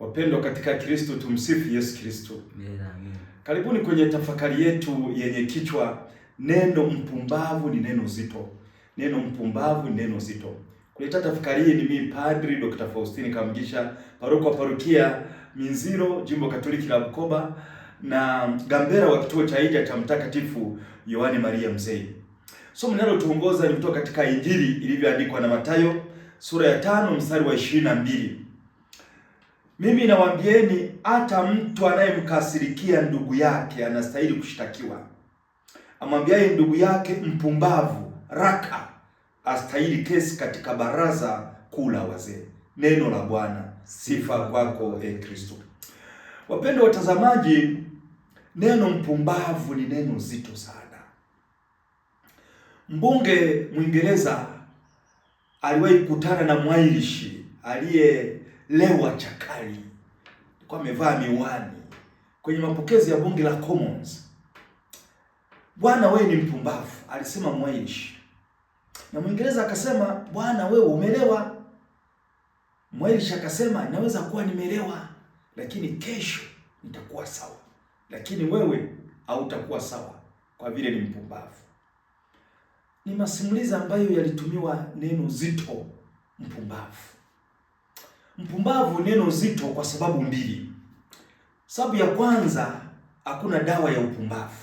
Wapendwa katika Kristo, tumsifu Yesu Kristo. Karibuni kwenye tafakari yetu yenye kichwa neno mpumbavu ni neno zito. Neno mpumbavu ni neno zito. Kuleta tafakari hii ni mimi Padri Dr. Faustini Kamugisha, paroko wa Parokia Minziro, Jimbo Katoliki la Bukoba na Gambera wa kituo cha Hija cha Mtakatifu Yohane Maria Mzee. Somo linalotuongoza ni kutoka katika Injili ilivyoandikwa na Mathayo sura ya tano mstari wa ishirini na mbili mimi nawaambieni hata mtu anayemkasirikia ndugu yake anastahili kushtakiwa. Amwambiaye ndugu yake mpumbavu, raka, astahili kesi katika baraza kuu la wazee. Neno la Bwana. Sifa kwako e Kristo. Wapendwa watazamaji, neno mpumbavu ni neno zito sana. Mbunge Mwingereza aliwahi kukutana na mwailishi aliye lewa chakali, kwa amevaa miwani kwenye mapokezi ya bunge la Commons. Bwana wewe ni mpumbavu, alisema mwaishi na Mwingereza akasema bwana wewe umelewa. mwaishi akasema naweza kuwa nimelewa, lakini kesho nitakuwa sawa, lakini wewe hautakuwa sawa kwa vile ni mpumbavu. Ni masimulizi ambayo yalitumiwa neno zito, mpumbavu. Mpumbavu neno zito kwa sababu mbili. Sababu ya kwanza, hakuna dawa ya upumbavu,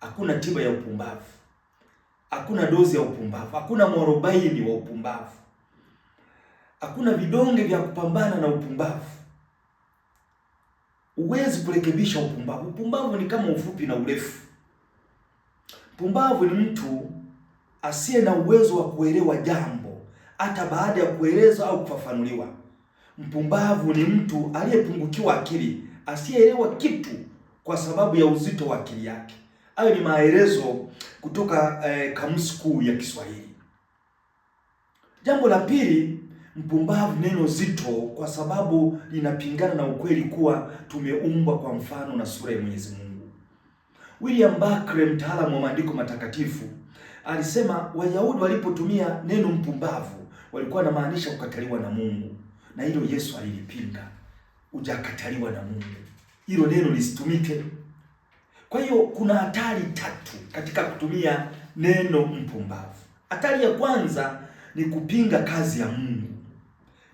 hakuna tiba ya upumbavu, hakuna dozi ya upumbavu, hakuna mwarobaini wa upumbavu, hakuna vidonge vya kupambana na upumbavu. Huwezi kurekebisha upumbavu. Upumbavu ni kama ufupi na urefu. Mpumbavu ni mtu asiye na uwezo wa kuelewa jambo hata baada ya kuelezwa au kufafanuliwa. Mpumbavu ni mtu aliyepungukiwa akili, asiyeelewa kitu kwa sababu ya uzito wa akili yake. Hayo ni maelezo kutoka eh, kamusi kuu ya Kiswahili. Jambo la pili, mpumbavu neno zito kwa sababu linapingana na ukweli kuwa tumeumbwa kwa mfano na sura ya Mwenyezi Mungu. William Barclay, mtaalamu wa maandiko matakatifu, alisema Wayahudi walipotumia neno mpumbavu walikuwa wanamaanisha kukataliwa na Mungu na hilo Yesu alilipinga, hujakataliwa na Mungu. Hilo neno lisitumike. Kwa hiyo kuna hatari tatu katika kutumia neno mpumbavu. Hatari ya kwanza ni kupinga kazi ya Mungu,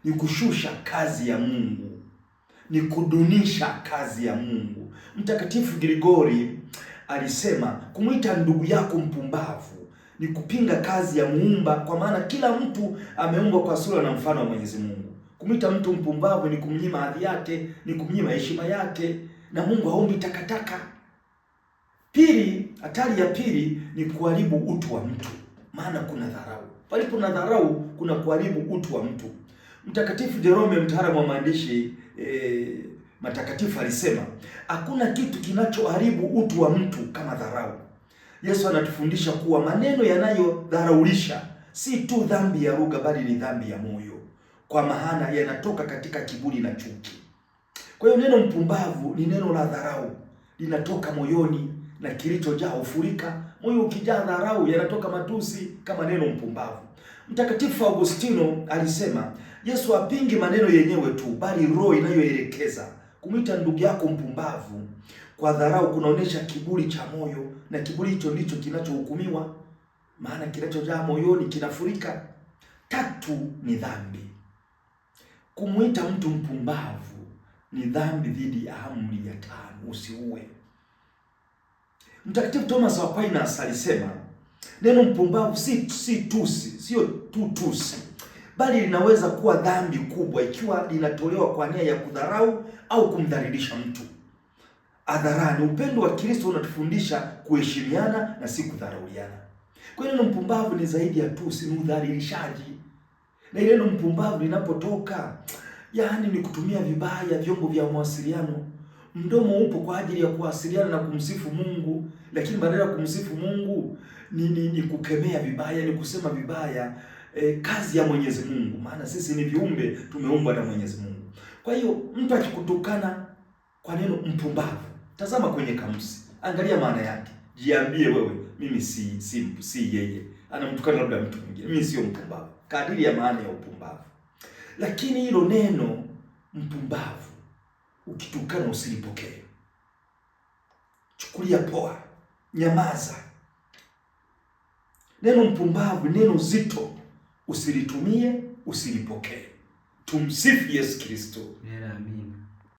ni kushusha kazi ya Mungu, ni kudunisha kazi ya Mungu. Mtakatifu Grigori alisema kumwita ndugu yako mpumbavu ni kupinga kazi ya Muumba, kwa maana kila mtu ameumbwa kwa sura na mfano wa Mwenyezi Mungu. Kumwita mtu mpumbavu ni kumnyima hadhi yake, ni kumnyima heshima yake, na Mungu haombi takataka. Pili, hatari ya pili ni kuharibu utu wa mtu, maana kuna dharau. Palipo na dharau, kuna kuharibu utu wa mtu. Mtakatifu Jerome, mtaalamu wa maandishi e, matakatifu, alisema hakuna kitu kinachoharibu utu wa mtu kama dharau. Yesu anatufundisha kuwa maneno yanayodharaulisha si tu dhambi ya lugha, bali ni dhambi ya moyo kwa maana yanatoka katika kiburi na chuki. Kwa hiyo neno mpumbavu ni neno la dharau, linatoka moyoni na kilichojaa hufurika. Moyo ukijaa dharau, yanatoka matusi kama neno mpumbavu. Mtakatifu Augustino alisema, Yesu apingi maneno yenyewe tu, bali roho inayoelekeza. Kumwita ndugu yako mpumbavu kwa dharau kunaonyesha kiburi cha moyo, na kiburi hicho ndicho kinachohukumiwa, maana kinachojaa moyoni kinafurika. Tatu ni dhambi. Kumwita mtu mpumbavu ni dhambi dhidi ya amri ya tano, usiue. Mtakatifu Thomas wa Aquinas alisema neno mpumbavu si, si tusi, sio tu tusi, bali linaweza kuwa dhambi kubwa ikiwa linatolewa kwa nia ya kudharau au kumdhalilisha mtu adharani. Upendo wa Kristo unatufundisha kuheshimiana na si kudharauliana. Kwa hiyo neno mpumbavu ni zaidi ya tusi, ni udhalilishaji na neno mpumbavu linapotoka, yaani ni kutumia vibaya vyombo vya mawasiliano. Mdomo upo kwa ajili ya kuwasiliana na kumsifu Mungu, lakini badala ya kumsifu Mungu ni, ni, ni kukemea vibaya, ni kusema vibaya eh, kazi ya Mwenyezi Mungu, maana sisi ni viumbe tumeumbwa na Mwenyezi Mungu. Kwa hiyo mtu akikutukana kwa neno mpumbavu, tazama kwenye kamusi, angalia maana yake, jiambie wewe, mimi si si, si yeye anamtukana labda mtu mwingine, mimi sio mpumbavu kadiri ya maana ya upumbavu. Lakini hilo neno mpumbavu, ukitukana usilipokee, chukulia poa, nyamaza. Neno mpumbavu, neno zito, usilitumie, usilipokee. Tumsifu Yesu Kristo. Amina.